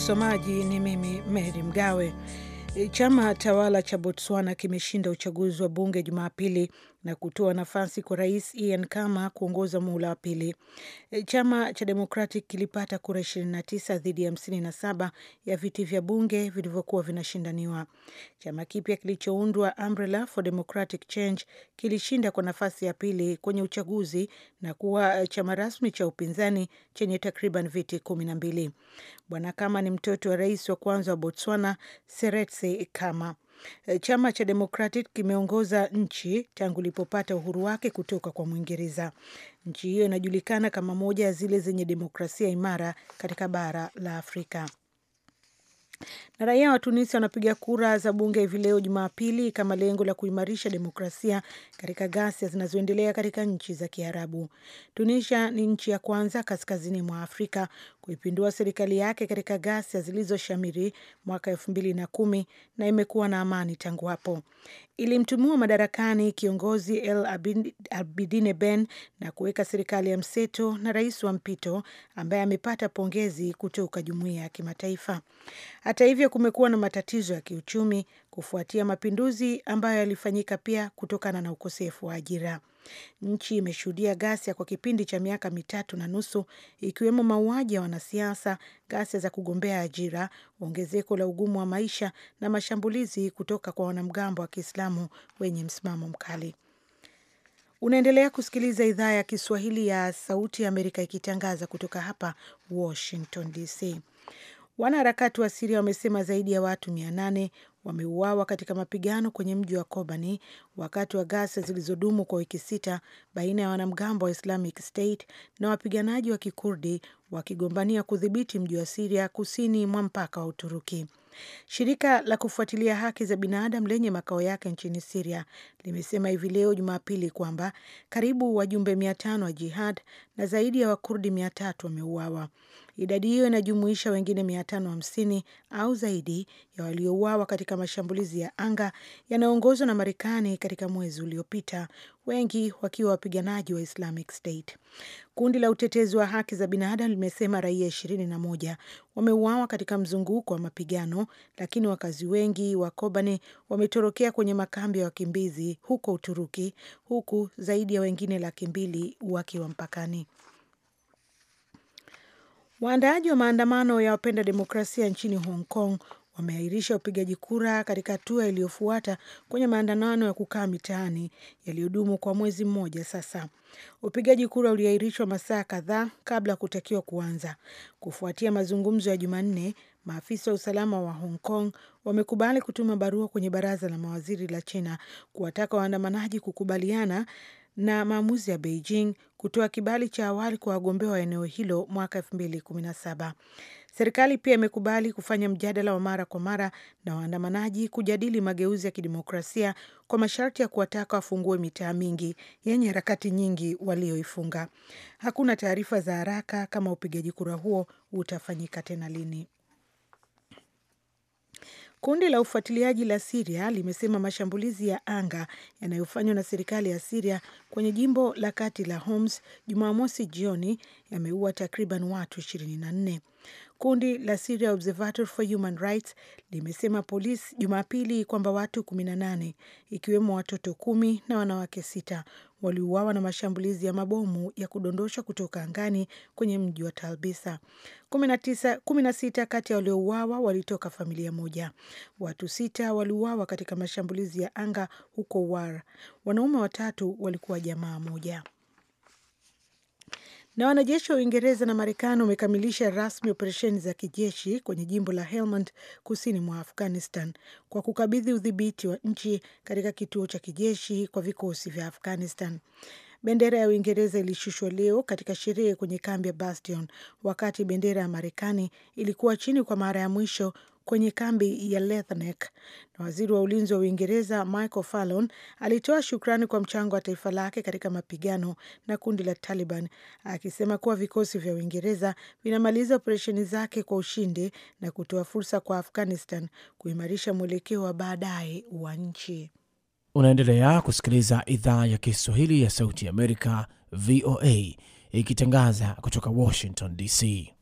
Msomaji ni mimi Meri Mgawe. Chama tawala cha Botswana kimeshinda uchaguzi wa bunge Jumapili na kutoa nafasi kwa rais Ian Kama kuongoza muhula wa pili. E, chama cha Democratic kilipata kura 29 dhidi ya 57 ya viti vya bunge vilivyokuwa vinashindaniwa. Chama kipya kilichoundwa Umbrella for Democratic Change kilishinda kwa nafasi ya pili kwenye uchaguzi na kuwa e, chama rasmi cha upinzani chenye takriban viti kumi mbili. Bwana Kama ni mtoto wa rais wa kwanza wa Botswana Seretse Kama. Eh, chama cha Democratic kimeongoza nchi tangu ilipopata uhuru wake kutoka kwa Mwingereza. Nchi hiyo inajulikana kama moja ya zile zenye demokrasia imara katika bara la Afrika. Raia wa Tunisia wanapiga kura za bunge hivi leo Jumapili kama lengo la kuimarisha demokrasia katika ghasia zinazoendelea katika nchi za Kiarabu. Tunisia ni nchi ya kwanza kaskazini mwa Afrika kuipindua serikali yake katika ghasia zilizoshamiri mwaka elfu mbili na kumi na imekuwa na amani tangu hapo. Ilimtumua madarakani kiongozi El Abidine Ben na kuweka serikali ya mseto na rais wa mpito ambaye amepata pongezi kutoka jumuiya ya kimataifa. Hata hivyo kumekuwa na matatizo ya kiuchumi kufuatia mapinduzi ambayo yalifanyika pia kutokana na ukosefu wa ajira. Nchi imeshuhudia ghasia kwa kipindi cha miaka mitatu na nusu, ikiwemo mauaji ya wanasiasa, ghasia za kugombea ajira, ongezeko la ugumu wa maisha na mashambulizi kutoka kwa wanamgambo wa Kiislamu wenye msimamo mkali. Unaendelea kusikiliza idhaa ya Kiswahili ya Sauti ya Amerika ikitangaza kutoka hapa Washington DC. Wanaharakati wa Siria wamesema zaidi ya watu mia nane wameuawa katika mapigano kwenye mji wa Kobani wakati wa ghasia zilizodumu kwa wiki sita baina ya wanamgambo wa Islamic State na wapiganaji wa Kikurdi wakigombania kudhibiti mji wa Siria kusini mwa mpaka wa Uturuki. Shirika la kufuatilia haki za binadamu lenye makao yake nchini Siria limesema hivi leo Jumapili kwamba karibu wajumbe mia tano wa jihad na zaidi ya Wakurdi mia tatu wameuawa. Idadi hiyo inajumuisha wengine mia tano hamsini au zaidi ya waliouawa katika mashambulizi ya anga yanayoongozwa na Marekani katika mwezi uliopita wengi wakiwa wapiganaji wa Islamic State. Kundi la utetezi wa haki za binadamu limesema raia ishirini na moja wameuawa katika mzunguko wa mapigano, lakini wakazi wengi wa Kobani wametorokea kwenye makambi ya wakimbizi huko Uturuki, huku zaidi ya wengine laki mbili wakiwa mpakani. Waandaaji wa maandamano ya wapenda demokrasia nchini Hong Kong wameahirisha upigaji kura katika hatua iliyofuata kwenye maandamano ya kukaa mitaani yaliyodumu kwa mwezi mmoja sasa. Upigaji kura uliahirishwa masaa kadhaa kabla ya kutakiwa kuanza kufuatia mazungumzo ya Jumanne. Maafisa wa usalama wa Hong Kong wamekubali kutuma barua kwenye baraza la mawaziri la China kuwataka waandamanaji kukubaliana na maamuzi ya Beijing kutoa kibali cha awali kwa wagombea wa eneo hilo mwaka 2017. Serikali pia imekubali kufanya mjadala wa mara kwa mara na waandamanaji kujadili mageuzi ya kidemokrasia kwa masharti ya kuwataka wafungue mitaa mingi yenye harakati nyingi walioifunga. Hakuna taarifa za haraka kama upigaji kura huo utafanyika tena lini. Kundi la ufuatiliaji la Siria limesema mashambulizi ya anga yanayofanywa na serikali ya Siria kwenye jimbo la kati la Homs Jumamosi jioni yameua takriban watu 24. Kundi la Syria Observatory for Human Rights limesema polisi Jumapili kwamba watu 18 ikiwemo watoto kumi na wanawake sita waliuawa na mashambulizi ya mabomu ya kudondoshwa kutoka angani kwenye mji wa Talbisa. 16 kati ya waliouawa walitoka familia moja. Watu sita waliuawa katika mashambulizi ya anga huko War. Wanaume watatu walikuwa jamaa moja. Na wanajeshi wa Uingereza na Marekani wamekamilisha rasmi operesheni za kijeshi kwenye jimbo la Helmand kusini mwa Afghanistan kwa kukabidhi udhibiti wa nchi katika kituo cha kijeshi kwa vikosi vya Afghanistan. Bendera ya Uingereza ilishushwa leo katika sherehe kwenye kambi ya Bastion, wakati bendera ya Marekani ilikuwa chini kwa mara ya mwisho kwenye kambi ya Lethnek, na waziri wa ulinzi wa Uingereza Michael Fallon alitoa shukrani kwa mchango wa taifa lake katika mapigano na kundi la Taliban, akisema kuwa vikosi vya Uingereza vinamaliza operesheni zake kwa ushindi na kutoa fursa kwa Afghanistan kuimarisha mwelekeo wa baadaye wa nchi. Unaendelea kusikiliza idhaa ya Kiswahili ya Sauti ya Amerika, VOA, ikitangaza kutoka Washington DC.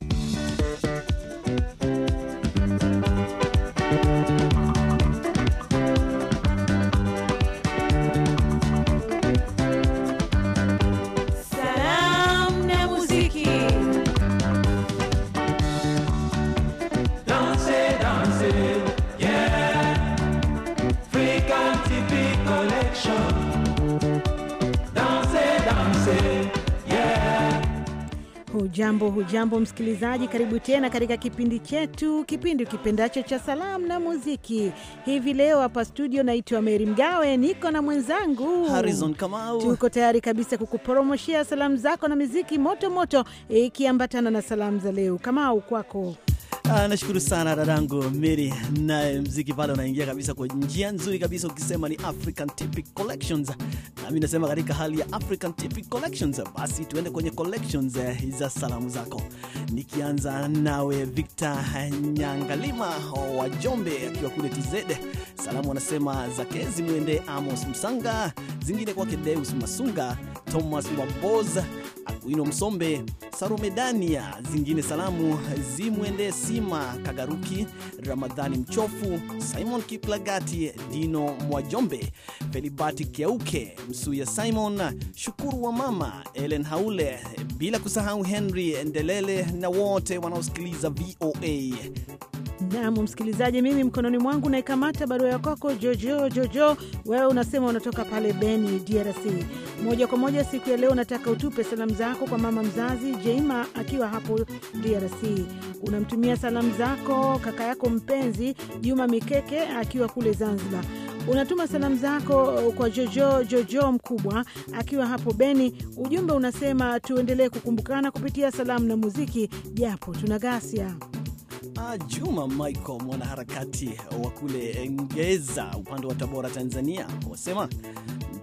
Hujambo, hujambo msikilizaji, karibu tena katika kipindi chetu, kipindi kipendacho cha salamu na muziki. Hivi leo hapa studio, naitwa Meri Mgawe, niko na mwenzangu Harrison Kamau. Tuko tayari kabisa kukuporomoshea salamu zako na muziki moto moto, ikiambatana na salamu za leo. Kamau, kwako. Ah, nashukuru sana dadangu Miri, naye mziki pale unaingia kabisa kwa njia nzuri kabisa, ukisema ni African Typic Collections, nami nasema katika hali ya African Typic Collections, basi tuende kwenye collections eh, za salamu zako, nikianza nawe Victor Nyangalima wa Jombe akiwa kule TZ. Salamu anasema zake zimwende Amos Msanga, zingine kwake Deus Masunga, Thomas Maboza, Akuino Msombe, Sarumedania, zingine salamu zimwende Kisima Kagaruki, Ramadhani Mchofu, Simon Kiplagati, Dino Mwajombe, Felibati Keuke, Msuya Simon, Shukuru wa Mama, Ellen Haule, bila kusahau Henry Ndelele na wote wanaosikiliza VOA. Nam msikilizaji, mimi mkononi mwangu naikamata barua ya kwako Jojo Jojo, wewe unasema unatoka pale Beni, DRC. Moja kwa moja siku ya leo nataka utupe salamu zako kwa mama mzazi Jeima akiwa hapo DRC. Unamtumia salamu zako kaka yako mpenzi Juma Mikeke akiwa kule Zanzibar. Unatuma salamu zako kwa Jojo Jojo mkubwa akiwa hapo Beni. Ujumbe unasema tuendelee kukumbukana kupitia salamu na muziki, japo tuna ghasia. Ah, Juma Michael, mwanaharakati wa kule Ngeza upande wa Tabora, Tanzania, wasema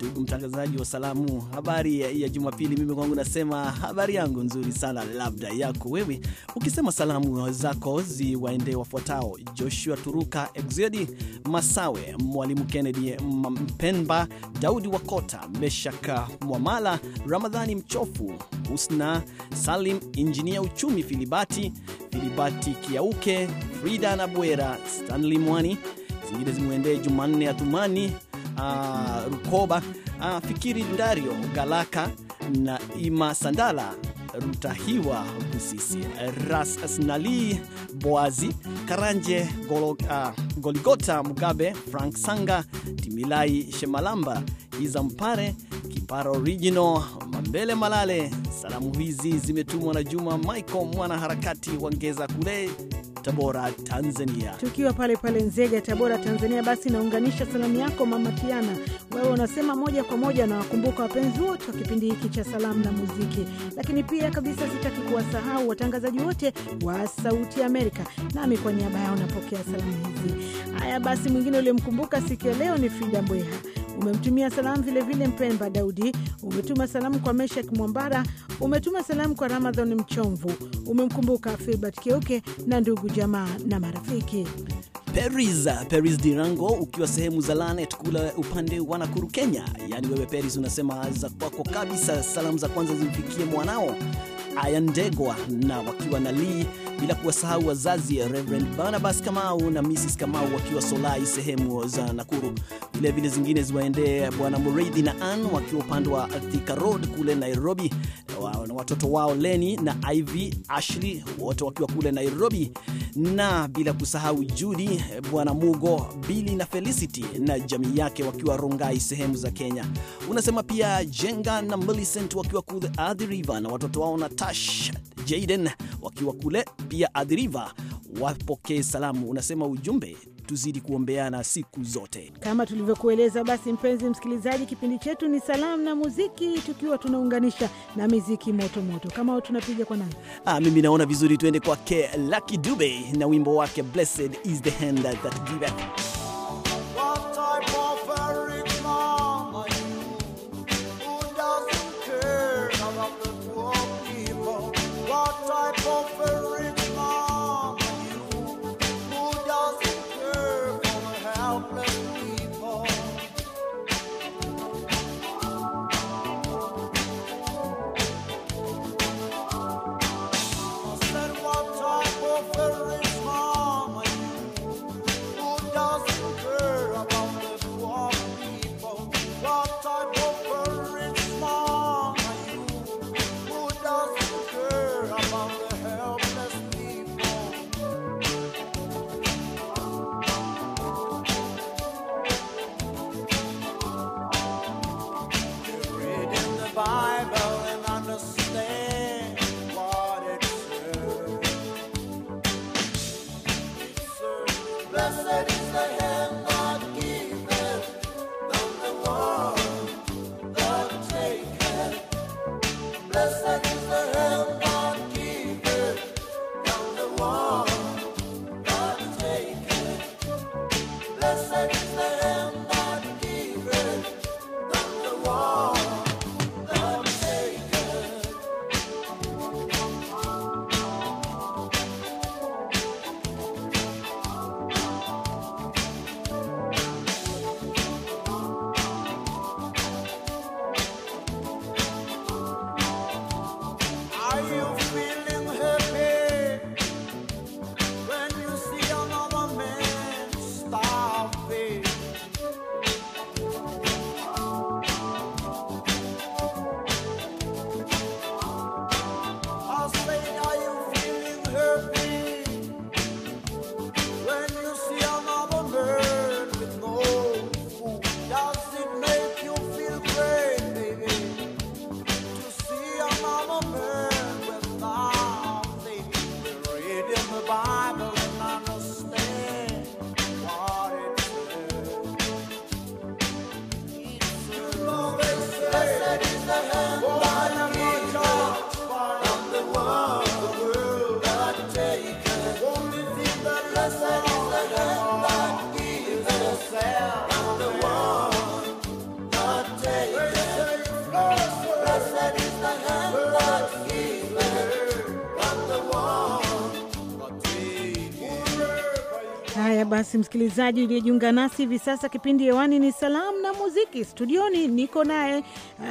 Ndugu mtangazaji wa salamu, habari ya, ya Jumapili. Mimi kwangu nasema habari yangu nzuri sana, labda yako wewe. Ukisema salamu zako ziwaende wafuatao: Joshua Turuka, Exodi Masawe, Mwalimu Kennedy Mpemba, Daudi Wakota, Meshaka Mwamala, Ramadhani Mchofu, Husna Salim, Injinia Uchumi Filibati, Filibati Kiauke, Frida nabwera Stanley Mwani. Zingine zimwendee Jumanne Atumani uh, Rukoba uh, Fikiri Ndario Galaka na Ima Sandala Rutahiwa Busisi Ras Asnali Boazi Karanje Golo, uh, Goligota Mugabe Frank Sanga Timilai Shemalamba Iza Mpare Kipara Original Mambele Malale. Salamu hizi zimetumwa na Juma Michael, mwanaharakati wa Ngeza kule Tabora, Tanzania. Tukiwa pale pale Nzega, Tabora, Tanzania, basi naunganisha salamu yako Mama tiana wewe unasema moja kwa moja na wakumbuka wapenzi wote wa kipindi hiki cha salamu na muziki, lakini pia kabisa sitaki kuwasahau watangazaji wote wa Sauti Amerika, nami kwa niaba yao napokea salamu hizi. Haya basi, mwingine ulimkumbuka siku ya leo ni Frida Mbweha Umemtumia salamu vilevile Mpemba Daudi, umetuma salamu kwa Meshak Mwambara, umetuma salamu kwa Ramadhan Mchomvu, umemkumbuka Filbert Keuke na ndugu jamaa na marafiki. Peris, Peris Dirango, ukiwa sehemu za Lanet kula upande wa Nakuru, Kenya. Yaani wewe Peris unasema za kwako kabisa, salamu za kwanza zimfikie mwanao Ayandegwa na wakiwa na lii bila kuwasahau wazazi Reverend Barnabas Kamau na Mrs Kamau wakiwa Solai sehemu za Nakuru. Vilevile zingine ziwaendee Bwana Mureithi na an wakiwa upande wa Thika Road kule Nairobi, na watoto wao Leni na iv ashli wote wakiwa kule Nairobi, na bila kusahau judi Bwana Mugo, bili na Felicity na jamii yake wakiwa Rongai sehemu za Kenya. Unasema pia Jenga na Millicent wakiwa kuthe Athi River na watoto wao na Tash Jaden wakiwa kule, pia Adriva wapokee salamu. Unasema ujumbe tuzidi kuombeana siku zote. Kama tulivyokueleza, basi mpenzi msikilizaji, kipindi chetu ni salamu na muziki, tukiwa tunaunganisha na miziki moto moto. Kama tunapiga kwa nani? Ah, mimi naona vizuri tuende kwake Lucky Dube na wimbo wake Blessed is the hand that giveth basi, msikilizaji uliyejiunga nasi hivi sasa, kipindi hewani ni salamu na muziki. Studioni niko naye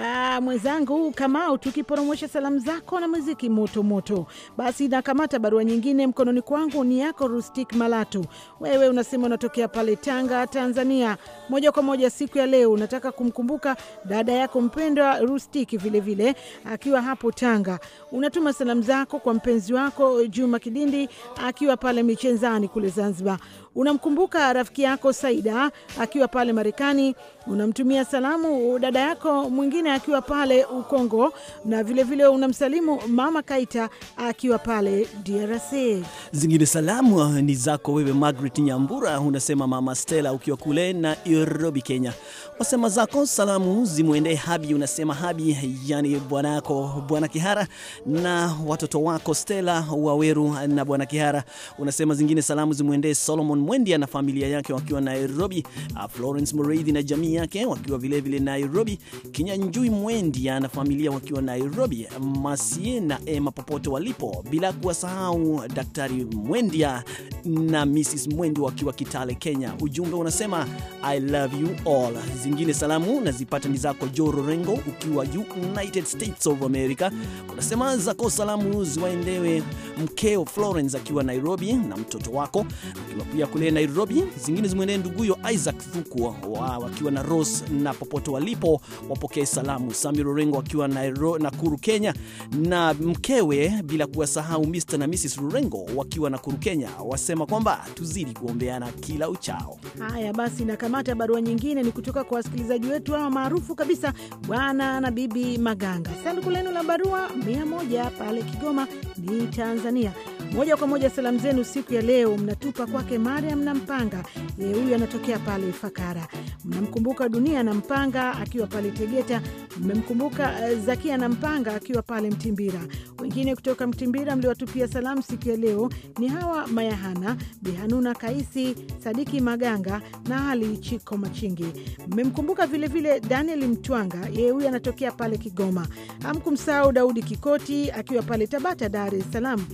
ah, mwenzangu Kamau, tukiporomosha salamu zako na muziki moto moto. Basi nakamata barua nyingine mkononi kwangu, ni yako Rustik Malatu. Wewe unasema unatokea pale Tanga, Tanzania. Moja kwa moja, siku ya leo unataka kumkumbuka dada yako mpendwa Rustik vilevile akiwa hapo Tanga. Unatuma salamu zako kwa mpenzi wako Juma Kidindi akiwa pale Michenzani kule Zanzibar Unamkumbuka rafiki yako Saida akiwa pale Marekani, unamtumia salamu dada yako mwingine akiwa pale Ukongo, na vilevile vile unamsalimu mama Kaita akiwa pale DRC. Zingine salamu ah, ni zako wewe Margaret Nyambura, unasema mama Stella ukiwa kule na Nairobi, Kenya, wasema zako salamu zimwendee Habi, unasema Habi yani bwana yako bwana Kihara na watoto wako Stella Waweru na bwana Kihara. Unasema zingine salamu zimwendee Solomon Mwendia na familia yake wakiwa Nairobi, Florence Mureithi na jamii yake wakiwa vilevile Nairobi, Kinyanjui Mwendia na familia wakiwa Nairobi, Masie na Emma popote walipo, bila kuwasahau Daktari Mwendia na Mrs Mwendi wakiwa Kitale, Kenya. Ujumbe unasema I love you all. Zingine salamu nazipata ni zako Joro Rengo ukiwa United States of America, unasema zako salamu ziwaendewe mkeo Florence akiwa Nairobi na mtoto wako akiwa pia kule Nairobi, zingine zimwenendo nduguyo Isaac Thuku wa, wakiwa na Rose na popote walipo wapokee salamu. sami Rurengo akiwa na Nakuru Kenya na mkewe, bila kuwasahau Mr na Mrs Rurengo wakiwa Nakuru Kenya, wasema kwamba tuzidi kuombeana kila uchao. Haya basi, na kamata barua nyingine ni kutoka kwa wasikilizaji wetu hawa maarufu kabisa, bwana na bibi Maganga. Sanduku lenu la barua 100 pale Kigoma ni Tanzania moja kwa moja salamu zenu siku ya leo mnatupa kwake Mariam na Mpanga. Yeye huyu anatokea pale Fakara. Mnamkumbuka Dunia na Mpanga akiwa pale Tegeta. Mmemkumbuka eh, Zakia na Mpanga akiwa pale Mtimbira. Wengine kutoka Mtimbira mliwatupia salamu siku ya leo ni hawa Mayahana, Bihanuna Kaisi, Sadiki Maganga na Ali Chiko Machingi. Mmemkumbuka vilevile Daniel Mtwanga, yeye huyu anatokea pale Kigoma. Hamkumsahau Daudi Kikoti akiwa pale Tabata, Dar es Salaam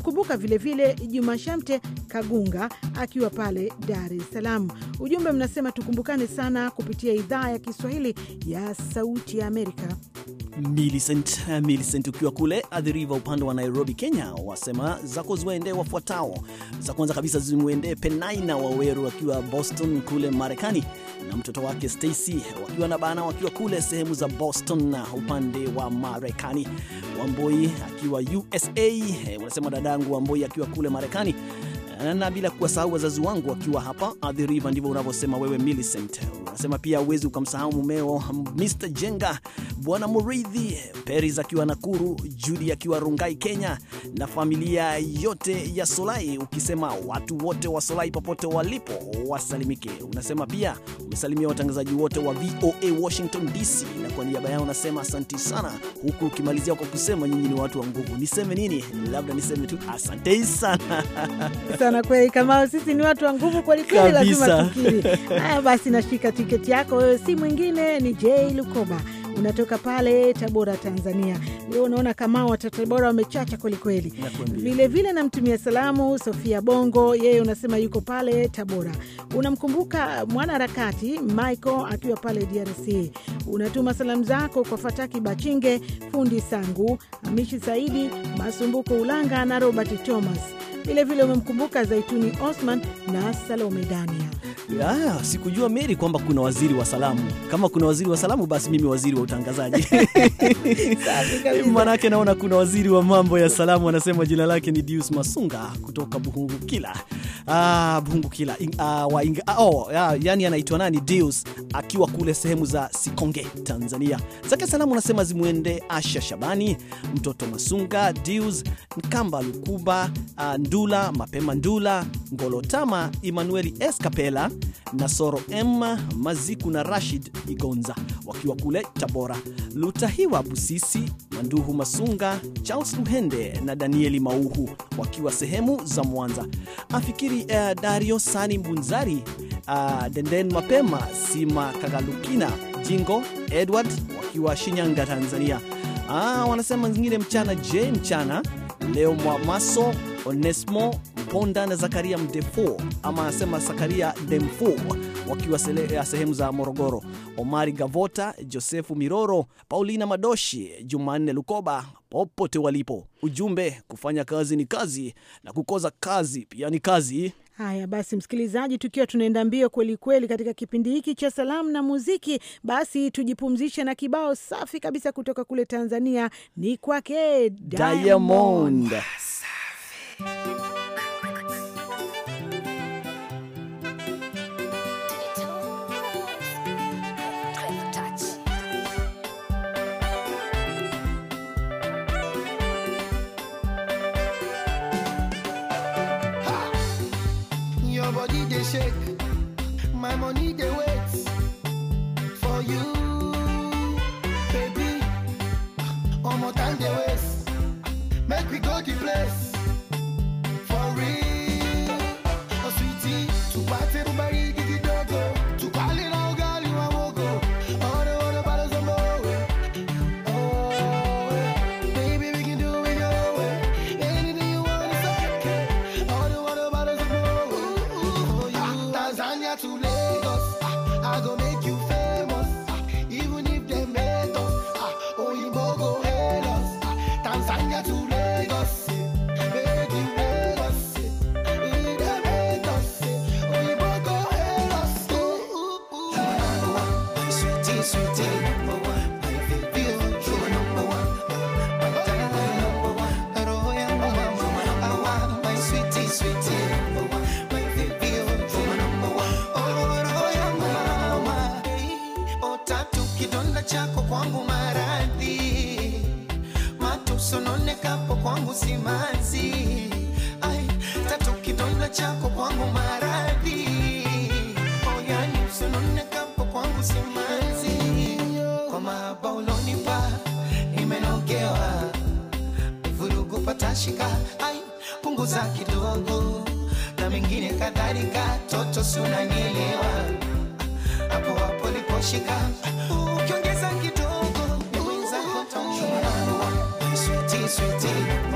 tunamkumbuka vilevile Juma Shamte Kagunga akiwa pale Dar es Salaam. Ujumbe mnasema tukumbukane sana kupitia idhaa ya Kiswahili ya Sauti ya Amerika. Milicent, ukiwa kule adhiriva upande wa Nairobi, Kenya, wasema zako ziwaendee wafuatao. Za kwanza kabisa zimwendee Penaina Waweru akiwa Boston kule Marekani, na mtoto wake Stacy wakiwa na bana wakiwa kule sehemu za Boston na upande wa Marekani. Wamboi akiwa USA, unasema dada dadangu Wamboi akiwa kule Marekani na bila kuwasahau wazazi wangu wakiwa hapa Athi River. Ndivyo unavyosema wewe Millicent. Unasema pia uwezi ukamsahau mumeo Mr Jenga, Bwana Muridhi Peris akiwa Nakuru, Judi akiwa Rungai, Kenya, na familia yote ya Solai, ukisema watu wote wa Solai popote walipo wasalimike. Unasema pia umesalimia watangazaji wote wa VOA Washington DC, na kwa niaba yao unasema asanti sana, huku ukimalizia kwa kusema nyinyi ni watu wa nguvu. Niseme nini? Labda niseme tu asante sana sana kweli, kama sisi ni watu wa nguvu kweli kweli, lazima tukiri. Haya basi, nashika tiketi yako wewe, si mwingine ni J Lukoba unatoka pale Tabora, Tanzania. Leo unaona kama watatabora Tabora wamechacha kwelikweli. Vilevile namtumia salamu Sofia Bongo, yeye unasema yuko pale Tabora. Unamkumbuka mwanaharakati Michael akiwa pale DRC. Unatuma salamu zako kwa Fataki Bachinge, fundi Sangu, Hamishi Saidi, Masumbuko Ulanga na Robert Thomas Vilevile umemkumbuka Zaituni Osman na Salome Dania. Ah, sikujua Meri kwamba kuna waziri wa salamu. Kama kuna waziri wa salamu, basi mimi waziri wa utangazaji maanake naona kuna waziri wa mambo ya salamu, anasema jina lake ni Dius Masunga kutoka Buhungu Kila. Ah, Buhungukila In, ah, wa inga, ah, oh, ya, yani anaitwa nani Dius akiwa kule sehemu za Sikonge, Tanzania. Zake salamu anasema zimwende Asha Shabani, mtoto Masunga, Dius Nkamba Lukuba, ah, Ndula, Mapema Ndula, Ngolotama, Emmanueli S Kapela, Nasoro M Maziku na Rashid Igonza wakiwa kule Tabora, Lutahiwa Busisi, Manduhu Masunga, Charles Luhende na Danieli Mauhu wakiwa sehemu za Mwanza. Afikiri uh, Dario Sani Mbunzari, uh, Denden Mapema, Sima Kagalukina, Jingo Edward wakiwa Shinyanga, Tanzania. Ah, wanasema zingine mchana. Je, mchana leo Mwamaso Onesmo Mponda na Zakaria Mdefo ama anasema Zakaria Demfo wakiwa eh, sehemu za Morogoro, Omari Gavota, Josefu Miroro, Paulina Madoshi, Jumanne Lukoba, popote walipo. Ujumbe, kufanya kazi ni kazi na kukoza kazi pia ni kazi. Haya basi, msikilizaji, tukiwa tunaenda mbio kweli kweli katika kipindi hiki cha salamu na muziki, basi tujipumzishe na kibao safi kabisa kutoka kule Tanzania. Ni kwake Diamond. shake. My money they wait. 雪地。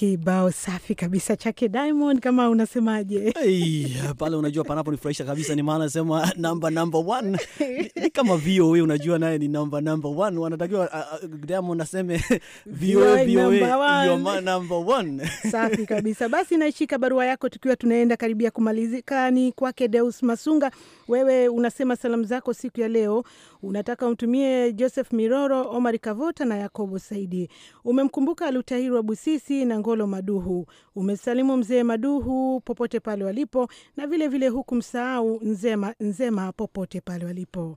kibao safi kabisa chake Diamond, kama unasemaje? Hey, pale unajua panapo nifurahisha kabisa, ni maana sema namba namba one ni kama VOA, unajua naye ni namba namba one, wanatakiwa uh, Diamond aseme VOA VOA namba one. Safi kabisa. Basi naishika barua yako tukiwa tunaenda karibia kumalizika, ni kwake Deus Masunga. Wewe unasema salamu zako siku ya leo unataka umtumie Joseph Miroro, Omar Kavota na Yakobo Saidi. Umemkumbuka wa Busisi na Ngolo Maduhu. Umesalimu mzee Maduhu popote pale walipo, na vilevile huku msahau Nzema Nzema popote pale walipo.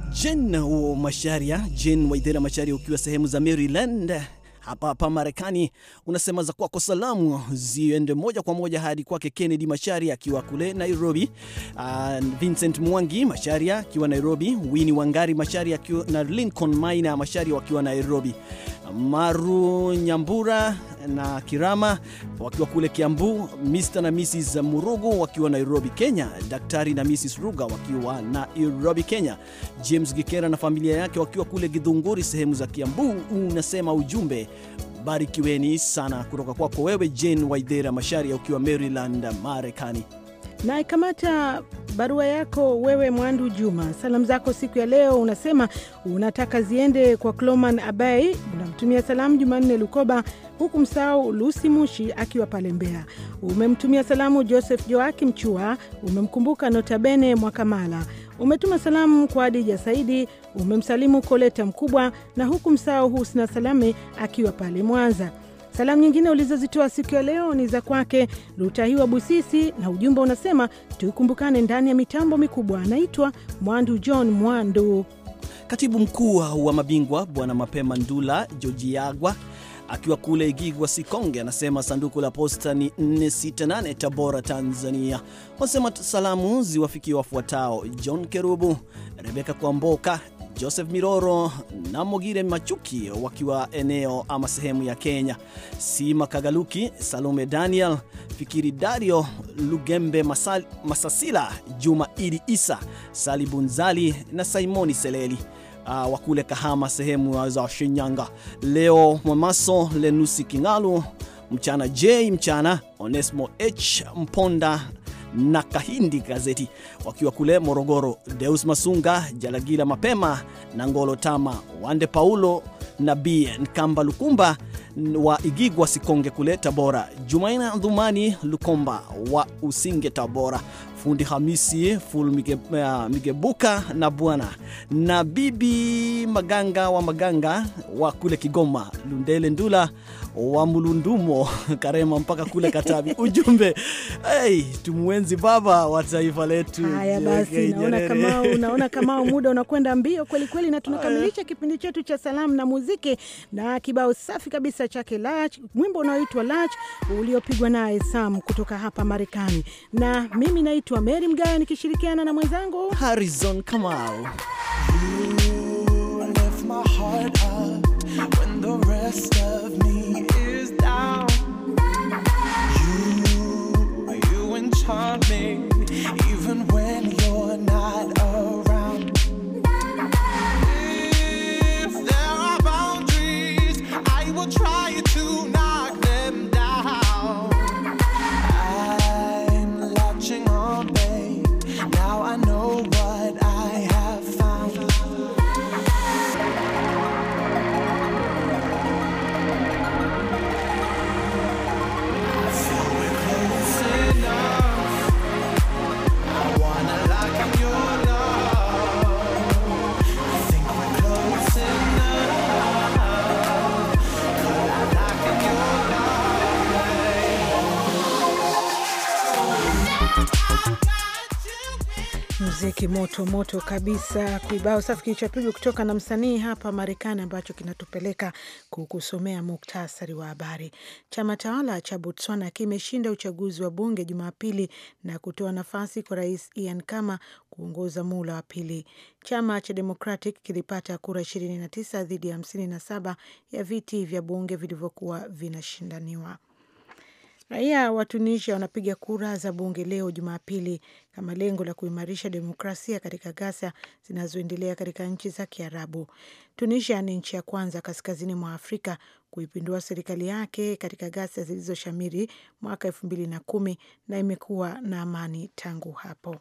Jen huo Masharia, Jen Waithera Masharia, ukiwa sehemu za Maryland hapa hapa Marekani, unasema za kwako salamu ziende moja kwa moja hadi kwake Kennedy Masharia akiwa kule Nairobi, uh, Vincent Mwangi Masharia akiwa Nairobi, Winnie Wangari Masharia na Lincoln Maina Masharia wakiwa Nairobi, Maru Nyambura na Kirama wakiwa kule Kiambu, Mr na Mrs Murugu wakiwa Nairobi, Kenya, Daktari na Mrs Ruga wakiwa Nairobi, Kenya, James Gikera na familia yake wakiwa kule Gidhunguri, sehemu za Kiambu. Unasema ujumbe barikiweni sana kutoka kwako wewe Jane Waidhera Masharia ukiwa Maryland, Marekani. Naikamata barua yako wewe Mwandu Juma, salamu zako siku ya leo unasema unataka ziende kwa Cloman abai unamtumia salamu Jumanne Lukoba, huku msau Lusi Mushi akiwa pale mbea Umemtumia salamu Joseph Joaki Mchua, umemkumbuka Notabene Mwakamala, umetuma salamu kwa Adija Saidi, umemsalimu Koleta Mkubwa na huku msao Husna Salame akiwa pale Mwanza Salamu nyingine ulizozitoa siku ya leo ni za kwake Lutahiwa Busisi, na ujumbe unasema tukumbukane ndani ya mitambo mikubwa. Anaitwa Mwandu John Mwandu. Katibu mkuu wa mabingwa Bwana Mapema Ndula Yagwa akiwa kule Igigwa Sikonge anasema sanduku la posta ni 468 Tabora, Tanzania. Wasema salamu ziwafikie wafuatao: John Kerubu, Rebeka Kwamboka, Joseph Miroro na Mogire Machuki wakiwa eneo ama sehemu ya Kenya, Sima Kagaluki, Salome Daniel, Fikiri Dario, Lugembe Masal, Masasila, Juma Idi Isa, Salibunzali na Simoni Seleli ah, wa kule Kahama, sehemu za Shinyanga, Leo Mwamaso, Lenusi Kingalu, Mchana J, Mchana Onesmo H Mponda na Kahindi Gazeti wakiwa kule Morogoro, Deus Masunga, Jalagila Mapema na Ngolo Tama, Wande Paulo na BN Kamba Lukumba wa Igigwa Sikonge kule Tabora, Jumaina Dhumani Lukomba wa Usinge Tabora, Fundi Hamisi Ful Mige, uh, Migebuka na Bwana na Bibi Maganga wa Maganga wa kule Kigoma, Lundele Ndula wa Mulundumo Karema mpaka kule Katavi. Ujumbe hey, tumwenzi baba wa taifa letu. Haya basi, naona kama unaona kama muda unakwenda mbio kweli kweli, na tunakamilisha kipindi chetu cha salamu na muziki na kibao safi kabisa chake Lach, mwimbo unaoitwa Lach uliopigwa naye Sam kutoka hapa Marekani, na mimi naitwa Mary Mgawe nikishirikiana na mwenzangu Harrison Kamau. You left my heart when the rest of me me, even when you're not. moto moto kabisa. Kibao safi kilichopigwa kutoka na msanii hapa Marekani, ambacho kinatupeleka kukusomea muktasari wa habari. Chama tawala cha Botswana kimeshinda uchaguzi wa bunge Jumapili na kutoa nafasi kwa rais Ian Kama kuongoza muhula wa pili. Chama cha Democratic kilipata kura 29 dhidi ya 57 ya viti vya bunge vilivyokuwa vinashindaniwa. Raia wa Tunisia wanapiga kura za bunge leo Jumapili kama lengo la kuimarisha demokrasia katika ghasia zinazoendelea katika nchi za Kiarabu. Tunisia ni nchi ya kwanza kaskazini mwa Afrika kuipindua serikali yake katika ghasia zilizoshamiri mwaka elfu mbili na kumi na imekuwa na amani tangu hapo.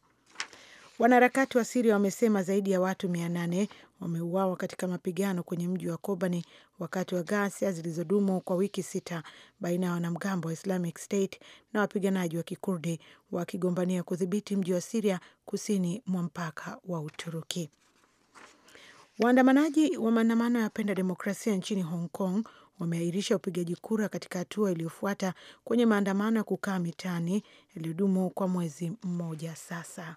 Wanaharakati wa Siria wamesema zaidi ya watu mia nane wameuawa katika mapigano kwenye mji wa Kobani wakati wa ghasia zilizodumu kwa wiki sita baina ya wanamgambo wa Islamic State na wapiganaji wa Kikurdi wakigombania kudhibiti mji wa Siria kusini mwa mpaka wa Uturuki. Waandamanaji wa maandamano ya penda demokrasia nchini Hong Kong wameahirisha upigaji kura katika hatua iliyofuata kwenye maandamano ya kukaa mitaani yaliyodumu kwa mwezi mmoja sasa.